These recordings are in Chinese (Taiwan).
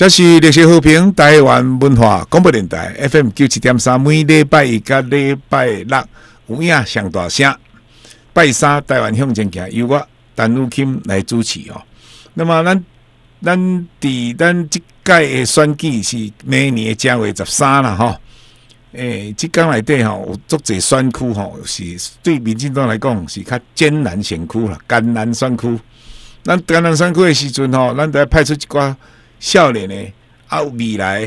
這是綠色和平台灣文化廣播電台 FM 九七點三，每禮拜一、到禮拜六有影上大聲拜三，台灣向前行，由我陳雨鑫來主持哦。那麼咱，咱咱佇咱即屆的選舉是每年的正月十三啦，吼、欸，誒，浙江內底吼有足濟的選區吼，是對民進黨來講是較艱難選區了，艱難選區。咱艱難選區的時陣吼，咱得派出一寡。少年的，有、啊、未來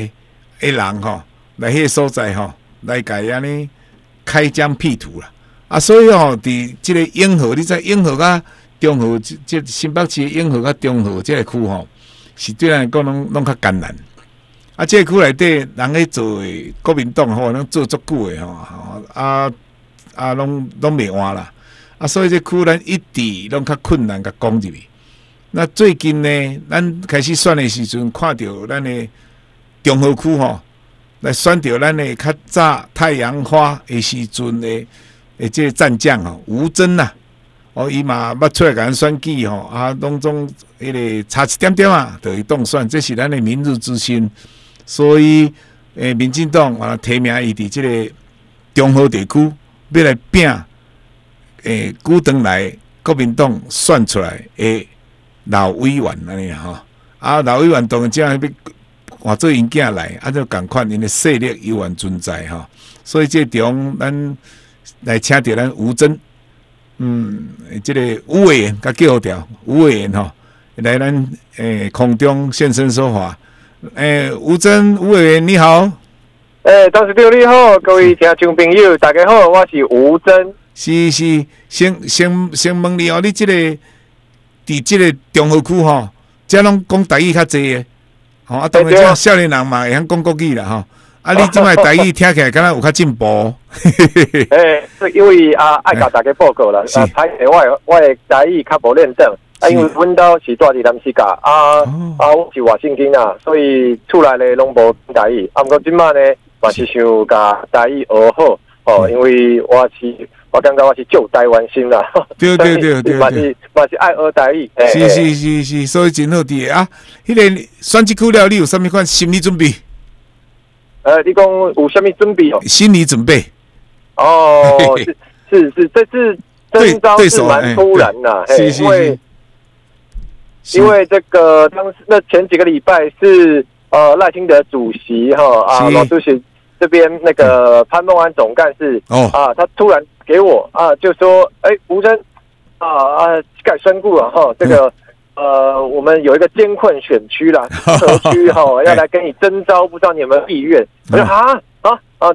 的人哈、喔，來些所在哈，來開疆闢土啦、啊。所以吼、喔，這個永和，你知永和甲中和，即即新北市的永和和中和這個區吼、喔，是對咱來講攏攏較艱難、啊。這個區內底人咧做的國民黨吼，喔、都做足久的吼，攏未換。所以這區人一直都較困難個講字。那最近呢，咱開始選的時陣，看到咱的中和區吼、哦，來選到咱的較早太陽花的時陣的，誒，這個戰將哦，吳崢吶，哦，伊嘛要出來共咱選舉吼、哦，啊，攏總迄、那個差一點點啊，著伊當選，這是咱的明日之星。所以，誒、欸，民進黨啊，提名伊佇即個中和地區，要來拼，誒、欸，古登來國民黨選出來誒。欸老委員安尼吼啊，老委員當然，要換做囡仔來，啊就，就共款因的勢力依然存在吼、啊。所以這中咱來請到咱吳崢，嗯，這個吳委員，叫他叫調吳委員哈、啊，來咱誒、欸、空中現身說法，誒、欸，吳崢，吳委員你好，誒、欸，董事長你好，各位聽眾朋友，大家好，我是吳崢，是是，先先先問你哦，你這個。佇即個中和區吼，即攏講台語較濟個，吼啊當然少年人嘛會曉講國語啦吼。啊，你即賣台語聽起來敢若有較進步。哎，是因為啊，愛搞大家報告啦，啊，台語我我台語較無練正，啊，因為阮兜是蹛佇南勢角，啊啊，我是外省囡仔，所以出來咧攏無台語。啊，我即賣咧我是想講是台語學好，哦、啊，嗯、因為我是。我剛剛我去救災完先啦，對對對對，對，是對，是愛對，對，對，是是是是，所以對，對，對，啊，對，對，對，對，對，對，你有什麼款心理準備？呃，你講有什麼準備哦？心理準備？哦，是是是，這次徵召，是蠻突然的，因為因為這個當時那前幾個禮拜是呃賴清德主席哈啊羅主席這邊那個潘孟安總幹事哦啊他突然。給我啊，就說哎，吳崢啊啊，改身故了哈。這個呃，我們有一個艱困選區啦，社 區哈、啊，要來跟你徵召，不知道你有沒有意願？我說啊啊啊！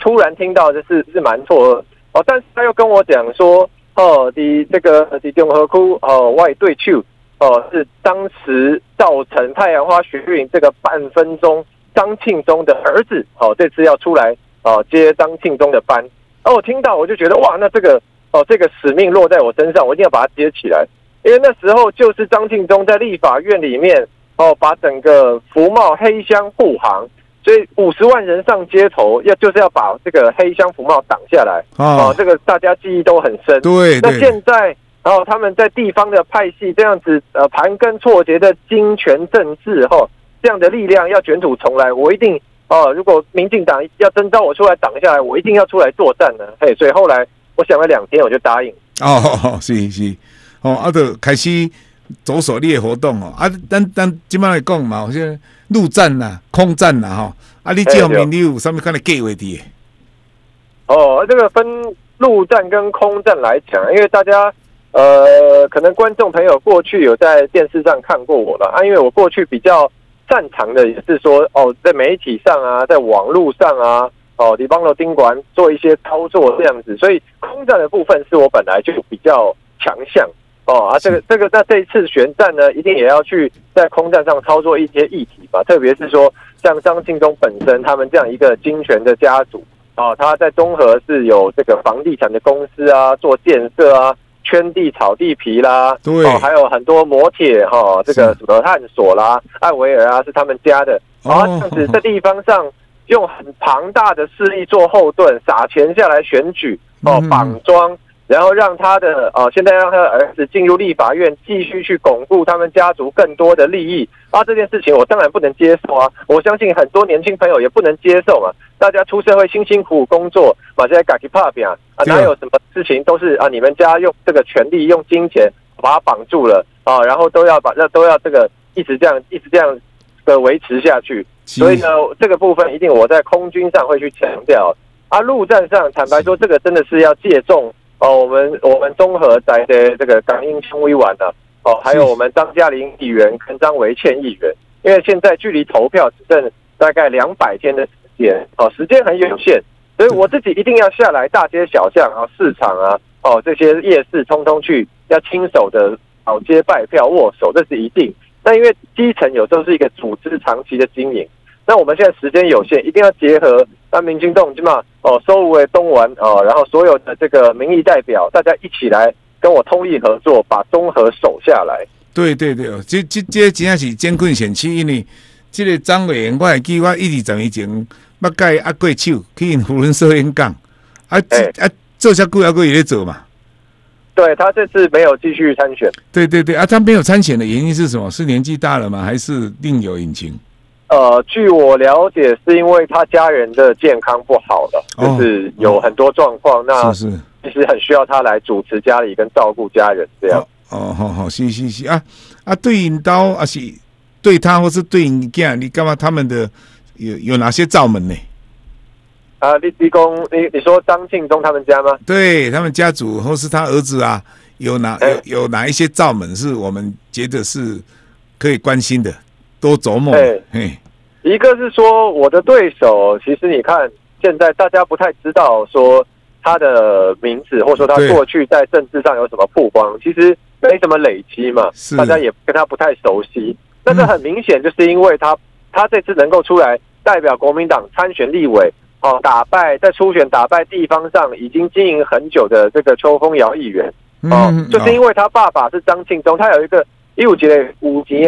突然聽到這，就是是蠻錯的哦。但是他又跟我講說，哦，的這個中和區哦，外對區哦，是當時造成太陽花學運這個半分鐘，張慶忠的兒子，哦，這次要出來哦，接張慶忠的班。哦、啊，我聽到我就覺得哇，那這個哦，這個使命落在我身上，我一定要把它接起來。因為那時候就是張慶忠在立法院裡面哦，把整個服貿黑箱護航，所以五十萬人上街頭，要就是要把這個黑箱服貿擋下來。哦、啊，這個大家記憶都很深。對，對那現在哦，他們在地方的派系這樣子呃盤根錯節的金權政治，吼、哦、這樣的力量要卷土重來，我一定。哦，如果民進黨要徵召我出來擋下來，我一定要出來作戰呢、啊。哎，所以後來我想了兩天，我就答應。哦，好，好，是，是。哦，阿、啊、德開始做手列活動哦。啊，等等，今晚來講嘛，我說陸戰吶、啊，空戰吶，哈。啊，啊你這方面你有上面看的幾位的？哦、啊，這個分陸戰跟空戰來講，因為大家呃，可能觀眾朋友過去有在電視上看過我了啊，因為我過去比較。擅長的也是說哦，在媒體上啊，在網絡上啊，哦，李邦羅賓館做一些操作這樣子，所以空戰的部分是我本來就比較強項哦、啊、這個，這個這個在這一次選戰呢，一定也要去在空戰上操作一些議題吧，特別是說像張慶忠本身他們這樣一個金權的家族哦，他在中和是有這個房地產的公司啊，做建設啊。圈地、炒地皮啦，對、哦，還有很多摩鐵哈，這個什麼探索啦，是艾維爾啊，是他們家的，哦、啊，這樣子這地方上用很龐大的勢力做後盾，撒錢下來選舉哦，綁樁。嗯。然後讓他的啊，現在讓他的兒子進入立法院，繼續去鞏固他們家族更多的利益啊！這件事情我當然不能接受啊！我相信很多年輕朋友也不能接受嘛。大家出社會辛辛苦苦工作，把這些家己拍拚啊啊，哪有什麼事情都是啊？你們家用這個權力、用金錢把它綁住了啊，然後都要把這都要這個一直這樣、一直這樣的維持下去。是所以呢，這個部分一定我在空軍上會去強調啊，陸戰上坦白說，這個真的是要借重。哦，我們我們中和在的這個江永昌委員啊，哦，還有我們張嘉玲議員是跟張維倩議員，因為現在距離投票只剩大概兩百天的時間，哦，時間很有限，所以我自己一定要下來大街小巷啊、哦、市場啊、哦這些夜市，通通去要親手的跑、哦、街拜票、握手，這是一定。但因為基層有時候是一個組織長期的經營，那我們現在時間有限，一定要結合。那民進黨起碼哦，收復哎東灣哦，然後所有的這個民意代表，大家一起來跟我通力合作，把中和守下來。對對對，這這這,這真的是艱困險期，因為這個張委員，我記我一二十年前，我介握過手，去因胡潤社演講，啊哎哎，欸、這下顧耀國也在做嘛？對他這次沒有繼續參選。對對對啊，他沒有參選的原因是什麼？是年紀大了嗎？還是另有隱情？呃，據我了解，是因為他家人的健康不好了，哦、就是有很多狀況，嗯、那其實很需要他來主持家裡跟照顧家人這樣。哦，好、哦、好、哦，行行行啊啊！對應到啊是對他或是對你這樣，你幹嘛他們的有有哪些罩門呢？啊，立立功，你說你，你說張慶東他們家嗎？對他們家族或是他兒子啊，有哪、欸、有有哪一些罩門是我們覺得是可以關心的？多琢磨。欸、嘿一個是說我的對手，其實你看現在大家不太知道說他的名字，或者說他過去在政治上有什麼曝光，其實沒什麼累積嘛，是的大家也跟他不太熟悉。但是很明顯，就是因為他，嗯、他這次能夠出來代表國民黨參選立委，哦，打敗在初選打敗地方上已經經營很久的這個邱烽堯議員，哦、嗯、啊、就是因為他爸爸是張慶忠，他有一個一，啊、五級的五級。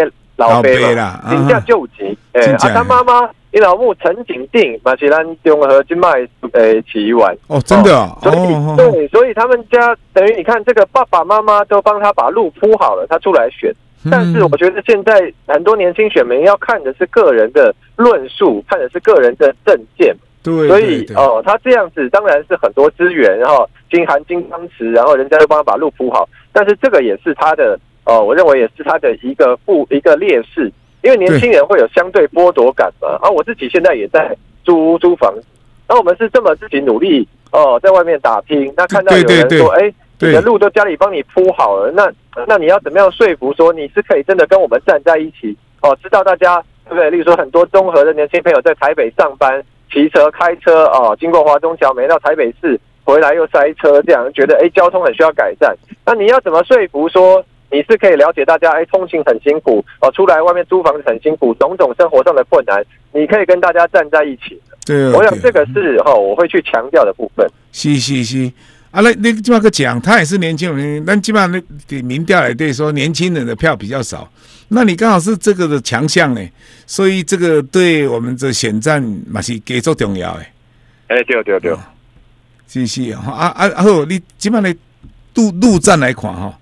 老背了，金價救急。哎、啊，阿甘媽媽，你、欸啊、老母陳景定，馬其咱中和金麥誒，棋玩。哦，真的、啊、哦。所以、哦、對，所以他們家等於你看，這個爸爸媽媽都幫他把路鋪好了，他出來選。嗯、但是我覺得現在很多年輕選民要看的是個人的論述，看的是個人的政見。對，對，所以哦，他這樣子當然是很多資源然後金含金湯匙，然後人家都幫他把路鋪好。但是這個也是他的。哦，我認為也是他的一個負一個劣勢，因為年輕人會有相對剝奪感嘛。對啊，我自己現在也在租屋、租房，那、啊、我們是這麼自己努力哦、呃，在外面打拼。那看到有人說，哎、欸，你的路都家裡幫你鋪好了，那對那你要怎麼樣說服說你是可以真的跟我們站在一起？哦，知道大家對不對？例如說，很多中和的年輕朋友在台北上班，騎車、開車哦，經過華中橋，沒到台北市回來又塞車，這樣覺得哎、欸，交通很需要改善。那你要怎麼說服說？你是可以了解大家哎，通勤很辛苦哦，出來外面租房子很辛苦，種種生活上的困難，你可以跟大家站在一起。對、哦，對哦，我想這個是吼，我會去強調的部分。是是是，啊，那那個基本上講，他也是年輕人，但基本上那給民調來對說年輕人的票比較少，那你剛好是這個的強項呢，所以這個對我們的選戰嘛是給做重要哎。哎，對、哦、對、哦、對、哦是，是是啊，啊啊好，你基本上你陸陸戰來看哈、哦。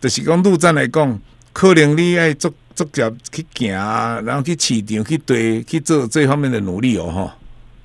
就是講陸戰來講，可能你要做作業去行，然後去市場去對去做這方面的努力哦，哈。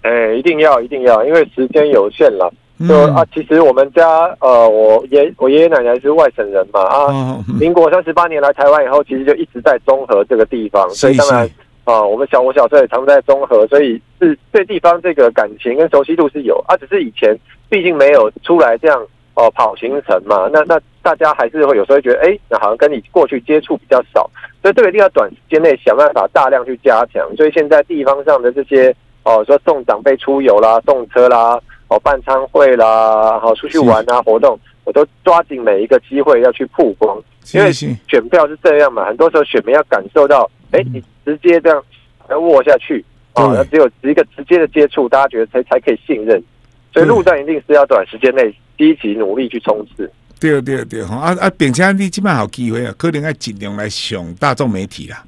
誒、欸，一定要一定要，因為時間有限了。就、嗯、啊，其實我們家呃，我爺我爺爺奶奶是外省人嘛，啊，哦、民國三十八年來台灣以後，其實就一直在中和這個地方，所以當然是是啊，我們小我小時候也常在中和，所以是對地方這個感情跟熟悉度是有啊，只是以前畢竟沒有出來這樣哦、啊、跑行程嘛，那那。大家還是會有時候會覺得，哎、欸，那好像跟你過去接觸比較少，所以這個一定要短時間內想辦法大量去加強。所以現在地方上的這些，哦、呃，說送長輩出遊啦，動車啦，哦、呃，辦餐會啦，好，出去玩啊，活動，我都抓緊每一個機會要去曝光，是是是，因為選票是這樣嘛，很多時候選民要感受到，哎、欸，你直接這樣要握下去，哦、呃，那只有一個直接的接觸，大家覺得才才可以信任，所以路段一定是要短時間內積極努力去衝刺。對對對，啊啊，並且你即馬有機會啊，可能愛盡量來上大眾媒體啦。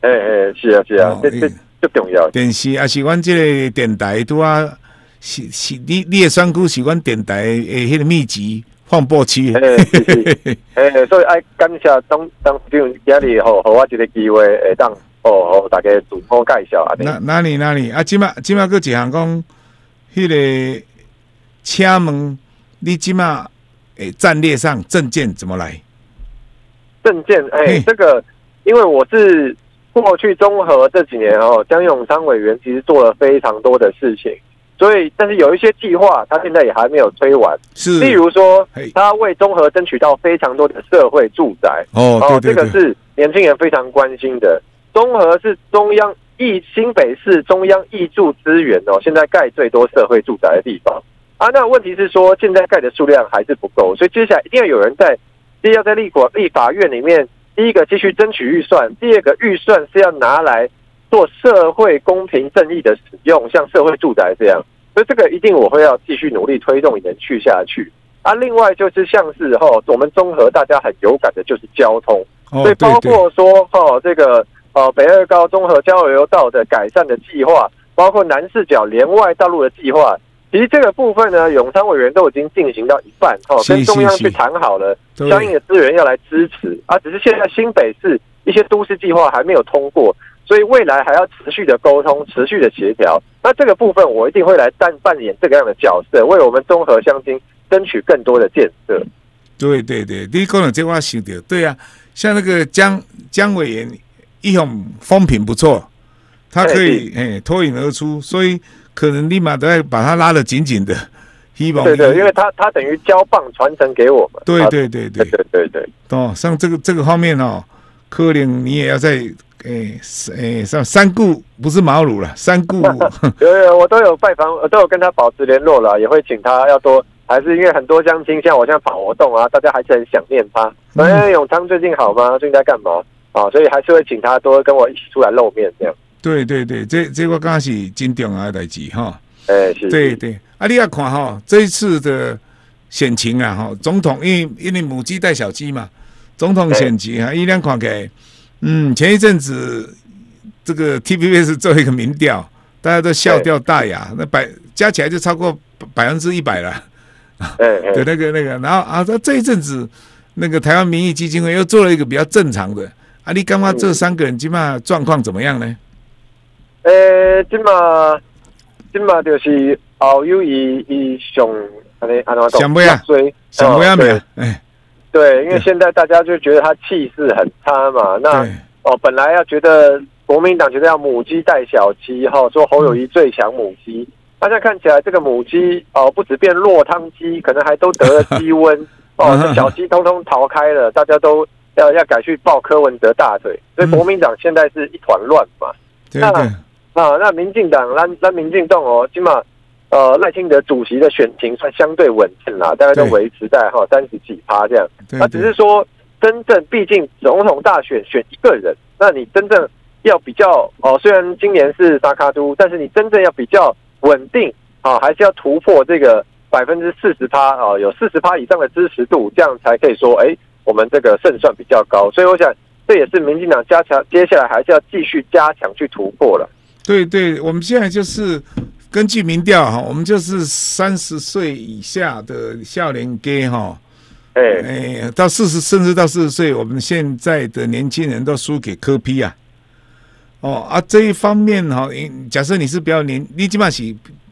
誒誒、欸欸，是啊是啊，哦欸、這這這重要。電視啊，是阮即個電台，拄仔，是是，欸、是是，你你的選曲是阮電台的迄個秘籍放播區。誒，所以愛感謝當當時今日好，好我這個機會會當哦，好大家自我介紹啊。那哪裡哪裡啊？即馬即馬，哥只行工，迄個請問，你即馬。哎、欸，戰略上政見怎麼來？政見，哎，欸欸、這個因為我是過去中和這幾年哦、喔，江永昌委員其實做了非常多的事情，所以但是有一些計劃，他現在也還沒有推完。是，例如說他為中和爭取到非常多的社會住宅哦，對對對，這個是年輕人非常關心的。中和是中央義新北市中央挹注資源哦、喔，現在蓋最多社會住宅的地方。啊，那個、問題是說現在蓋的數量還是不夠，所以接下來一定要有人在，一二要在立國立法院裡面，第一個繼續爭取預算，第二個預算是要拿來做社會公平正義的使用，像社會住宅這樣，所以這個一定我會要繼續努力推動下去下去。啊，另外就是像是哈、哦，我們中和大家很有感的就是交通，哦、對對所以包括說哈、哦、這個呃、哦、北二高中和交流道的改善的計劃，包括南勢角聯外道路的計劃。其實這個部分呢，永昌委員都已經進行到一半，哦、跟中央去談好了，相應的資源要來支持對啊。只是現在新北市一些都市計劃還沒有通過，所以未來還要持續的溝通、持續的協調。那這個部分我一定會來扮演這個樣的角色，為我們中和鄉親爭取更多的建設。對對對，第一公有計劃行的對呀、啊，像那個江江委員一樣風評不錯。他可以誒脫穎而出，所以可能立馬都要把他拉得緊緊的。對,對對，因為他他等於交棒傳承給我們。對對對對對對對。對對對對哦，像這個這個方面哦，柯林你也要在誒誒，像、欸、三、欸、顧不是茅廬了，三顧。 有有，我都有拜訪，都有跟他保持聯絡了，也會請他要多，還是因為很多鄉親，像我現在跑活動啊，大家還是很想念他。哎，永昌最近好嗎？最近在幹嘛哦、啊，所以還是會請他多跟我一起出來露面這樣。對對對，這這個剛是真重要代志哈。哦欸、對對，阿、啊、你啊看哈、哦，這一次的選情啊哈、哦，總統因為因為母雞帶小雞嘛，總統選情哈，依樣、欸啊、看個，嗯，前一陣子這個 TPP 是做一個民調，大家都笑掉大牙，欸、那百加起來就超過百分之一百了、欸啊。對哎。的那個那個，然後啊，這這一陣子，那個台灣民意基金會又做了一個比較正常的，阿、啊、你干媽這三個人基本上狀況怎麼樣呢？誒、欸，今嘛今嘛就是侯友宜一雄，安想不呀？想不呀？哦、哎，對，因為現在大家就覺得他氣勢很差嘛。那對哦，本來要覺得國民黨覺得要母雞帶小雞哈、哦，說侯友宜最強母雞，嗯、大家看起來這個母雞哦，不止變落湯雞，可能還都得了雞瘟 哦，這小雞通通逃開了，大家都要要改去抱柯文哲大腿，嗯、所以國民黨現在是一團亂嘛。那對啊，那民進黨、咱、咱民進黨哦，起碼呃賴清德主席的選情算相對穩定啦，對大概都維持在哈三十幾趴這樣。啊，只是說，真正畢竟總統大選選一個人，那你真正要比較哦，雖然今年是三咖督，但是你真正要比較穩定啊、哦，還是要突破這個百分之四十趴啊，有四十趴以上的支持度，這樣才可以說，哎、欸，我們這個勝算比較高。所以我想，這也是民進黨加強接下來還是要繼續加強去突破了。對對，我們現在就是根據民調哈，我們就是三十歲以下的少年 gay 哈，哎哎、欸，到四十甚至到四十歲，我們現在的年輕人都輸給柯 P 啊。哦啊，這一方面哈，假設你是比較年，你起碼是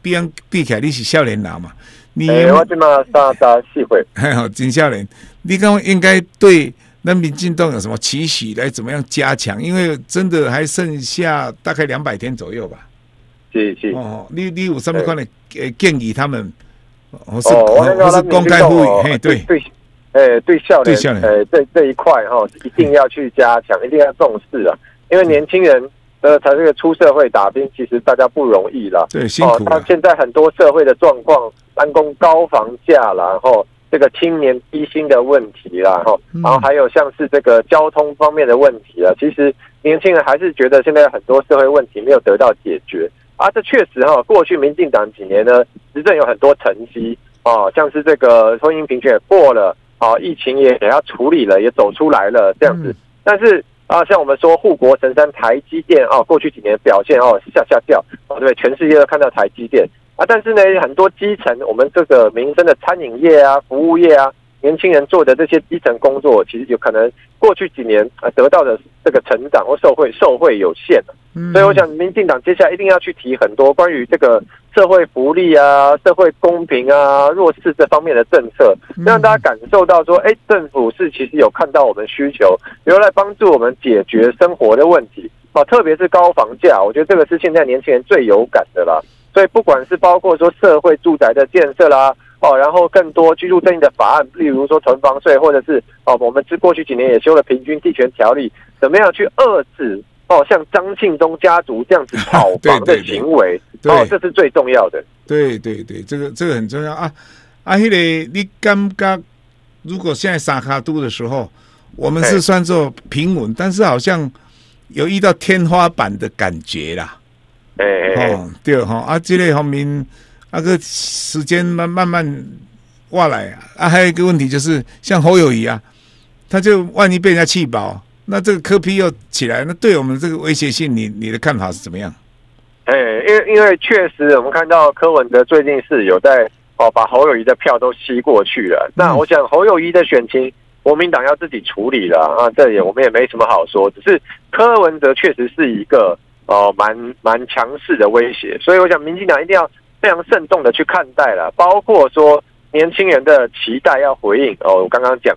比避開你是少年郎嘛。你、欸，我起碼大大四會，還好真少年，你剛應該對。民進黨有什麼期許來怎麼樣加強？因為真的還剩下大概兩百天左右吧。是是哦，你你有什麼觀點呃建議他們，我是公開呼籲，對對，誒、欸、對校的對校的，誒這這一塊哈、哦、一定要去加強，一定要重視了、啊。因為年輕人、嗯、呃才是個出社會打拼，其實大家不容易啦了，對辛苦。現在很多社會的狀況，辦公高房價然後。這個青年低薪的問題啦，然後還有像是這個交通方面的問題啊，其實年輕人還是覺得現在很多社會問題沒有得到解決啊。這確實哈，過去民進黨幾年呢，執政有很多成績啊，像是這個婚姻平權也過了，啊，疫情也也要處理了，也走出來了這樣子。但是啊，像我們說護國神山台積電啊，過去幾年表現哦下下掉哦，對，全世界都看到台積電。啊，但是呢，很多基層我們這個民生的餐飲業啊、服務業啊，年輕人做的這些基層工作，其實有可能過去幾年、啊、得到的這個成長或受賄受賄有限、啊嗯、所以我想，民進黨接下來一定要去提很多關於這個社會福利啊、社會公平啊、弱勢這方面的政策，讓大家感受到說，誒、欸、政府是其實有看到我們需求，有來幫助我們解決生活的問題啊，特別是高房價，我覺得這個是現在年輕人最有感的啦。所以不管是包括說社會住宅的建設啦、啊，哦，然後更多居住正義的法案，例如說囤房稅，或者是哦，我們之過去幾年也修了平均地權條例，怎麼樣去遏制哦，像張慶忠家族這樣子炒房的行為，啊、對對對哦，這是最重要的。哦、對對對，這個這個很重要啊！阿黑嘞，你剛剛如果現在撒哈度的時候，我們是算做平穩，Okay 但是好像有遇到天花板的感覺啦。哎、欸、哦，對哈、哦、啊，這類方面，那、啊、個時間慢慢慢挖來啊。啊，還有一個問題就是，像侯友宜啊，他就萬一被人家棄保，那這個柯 P 又起來，那對我們這個威脅性，你你的看法是怎麼樣？哎、欸，因為因為確實，我們看到柯文哲最近是有在哦，把侯友宜的票都吸過去了。嗯、那我想，侯友宜的選情，國民黨要自己處理了啊。這也我們也沒什麼好說，只是柯文哲確實是一個。哦，蠻蠻強勢的威脅，所以我想民進黨一定要非常慎重的去看待啦，包括說年輕人的期待要回應。哦，我剛剛講，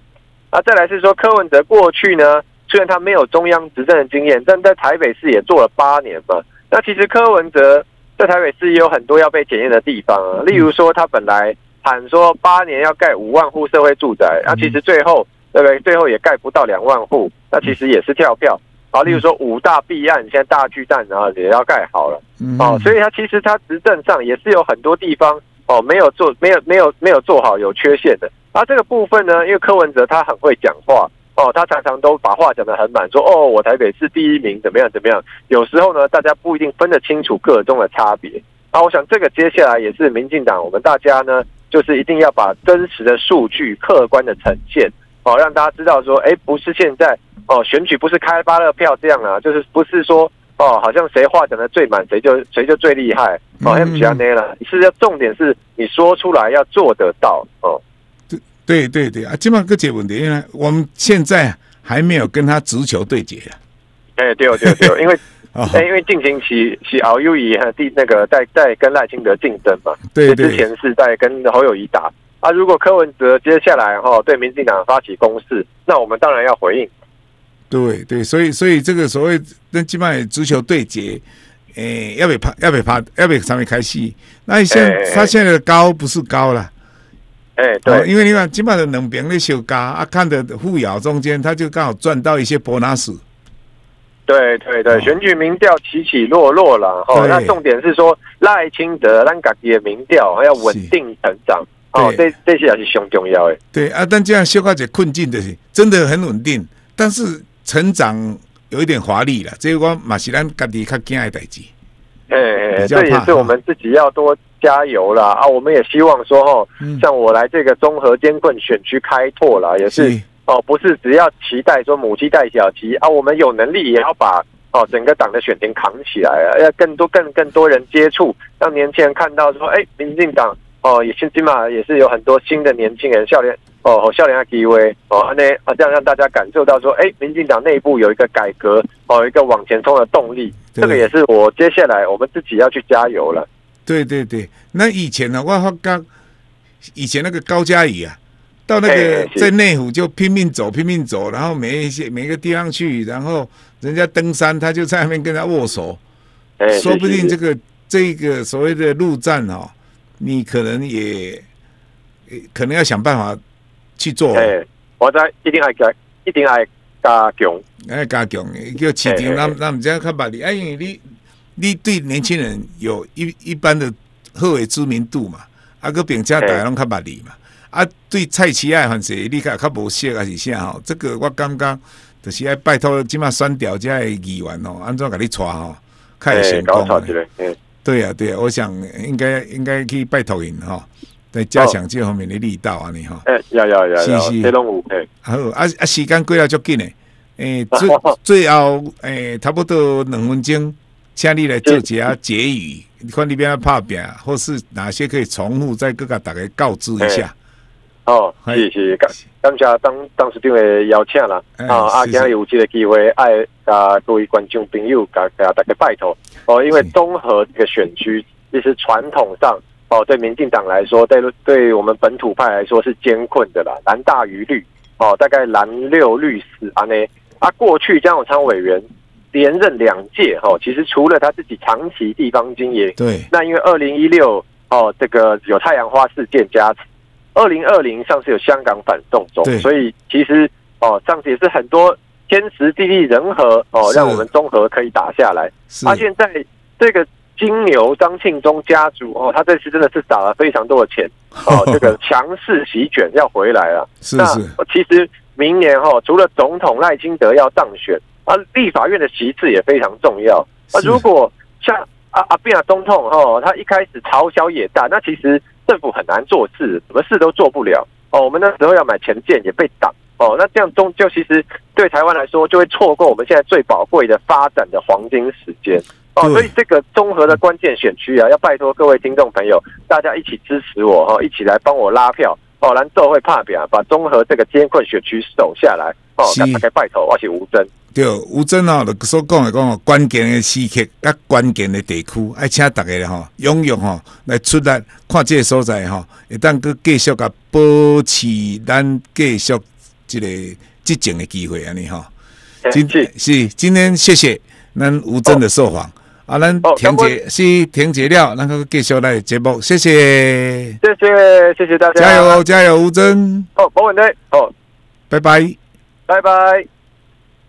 那、啊、再來是說柯文哲過去呢，雖然他沒有中央執政的經驗，但在台北市也做了八年嘛。那其實柯文哲在台北市也有很多要被檢驗的地方啊，例如說他本來喊說八年要蓋五萬戶社會住宅，那、啊、其實最後，對不對？最後也蓋不到兩萬戶，那其實也是跳票。然、啊、例如說五大弊案，現在大巨蛋、啊，然後也要蓋好了，哦、啊，所以他其實他執政上也是有很多地方哦，沒有做，沒有，沒有，沒有做好，有缺陷的。而、啊、這個部分呢，因為柯文哲他很會講話，哦，他常常都把話講得很滿，說哦，我台北是第一名，怎麼樣，怎麼樣？有時候呢，大家不一定分得清楚個中的差別。啊，我想這個接下來也是民進黨，我們大家呢，就是一定要把真實的數據客觀的呈現。好，讓大家知道說，哎，不是現在哦，選舉不是開芭樂票這樣啊，就是不是說哦，好像誰話講得最滿，誰就誰就最厲害哦。不是這樣啦，是要重點是你說出來要做得到哦。對對對對啊，基本上解問題，因為我們現在還沒有跟他直球對決、啊。哎，對，對，對，因為哎、 哦，因為近期是，是侯友宜哈第那個在在跟賴清德競爭嘛，對對，對之前是在跟侯友宜打。啊，如果柯文哲接下來哈、哦、對民進黨發起攻勢，那我們當然要回應。對對，所以所以這個所謂那基本上足球對決，誒、欸，要不要拍要不要拍要不要上面開戲？那你現、欸、他現在的高不是高了，哎、欸、對、啊，因為你看基本上能變那些高啊，看的互咬中間，他就剛好轉到一些波納斯。對對對，哦、選舉民調起起落落了哦，對那重點是說賴清德、蘭格的民調要穩定成長。哦，對這這些也是相重要的。對啊，但這樣消化這困境的、就是，真的很穩定，但是成長有一點華麗了，這個我馬西蘭跟你看較驚代志。哎哎、欸，欸、這也是我們自己要多加油了、哦、啊！我們也希望說哦，像我來這個綜合監困選區開拓了，嗯、也是，是哦，不是只要期待說母雞帶小雞啊，我們有能力也要把哦整個黨的選情扛起來啊，要更多更更多人接觸，讓年輕人看到說，哎、欸，民進黨。哦，也今嘛也是有很多新的年輕人笑臉哦，笑臉的 k V 哦，那啊，這樣讓大家感受到說，哎、欸，民進黨內部有一個改革，哦，一個往前衝的動力，對這個也是我接下來我們自己要去加油了。對對對，那以前的、哦、話，剛以前那個高嘉怡啊，到那個在內湖就拼命走，拼命走，然後每一些每一個地方去，然後人家登山，他就在那邊跟他握手，欸、說不定這個、這個、這個所謂的陸戰哦。你可能也，也，可能要想辦法去做。哎、欸，我在一定愛加，一定愛加強，愛加強叫市場咱咱你這樣看，別理哎，因為你你對年輕人有一一般的好的知名度嘛，啊，個並且大家攏看別理嘛。欸、啊，對菜市仔愛，反正你看，看無適啊，是啥吼？這個我感覺，就是愛拜託，起碼選調遮的議員哦，安怎給你帶哦，較會成功。對呀，啊，對呀，啊，我想應該應該去拜托您哈，來加強這方面的力道、哦欸，是是好啊，你哈。哎，有有有有。謝龍武，哎，啊啊，啊時間過得足緊的，哎、欸，最最後哎、欸，差不多兩分鐘，請你來做個結語，你看你邊要打拼，或是哪些可以重複，再各個大家告知一下。哦，是謝感感謝當下當當時並未邀請了。欸、是是啊，今天有這個機會，愛啊，各位觀眾朋友，加加大家拜托哦。因為中和這個選區，是其實傳統上哦，對民進黨來說，對對我們本土派來說是艱困的啦，藍大於綠哦，大概藍六綠四安呢。啊，過去江永昌委員連任兩屆哦，其實除了他自己長期地方經營，對，那因為二零一六哦，這個有太陽花事件加持。二零二零上次有香港反送中，對所以其實哦，上次也是很多天時地利人和哦，是讓我們中和可以打下來。他是、啊、現在這個金牛張慶忠家族哦，他這次真的是打了非常多的錢哦， 這個強勢席捲要回來了。是是那其實明年哈、哦，除了總統賴清德要當選啊，立法院的席次也非常重要是、啊、如果像阿阿扁啊，啊總統、哦、他一開始朝小野大，那其實。政府很難做事，什麼事都做不了哦。我們那時候要買潛艦也被擋哦。那這樣中就其實對台灣來說，就會錯過我們現在最寶貴的發展的黃金時間哦。所以這個綜合的關鍵選區啊，要拜托各位聽眾朋友，大家一起支持我哈、哦，一起來幫我拉票哦，不然就會怕扁把綜合這個艱困選區守下來哦，給大家拜託，我是吳崢吳崢哦，就所講的講哦，關鍵的時刻、甲關鍵的地區，哎，請大家吼、哦，踴躍吼來出來看這個所在吼，會當佮繼續甲保持咱繼續這個執政、這個這個、的機會啊，你吼、哦欸。是真是，今天謝謝咱吳崢的受訪，哦、啊，咱停，杰、哦、是停結了，咱繼續來節目。謝謝，謝謝謝謝大家。加油加油，吳崢、哦。哦，無問題，好，拜拜，拜拜。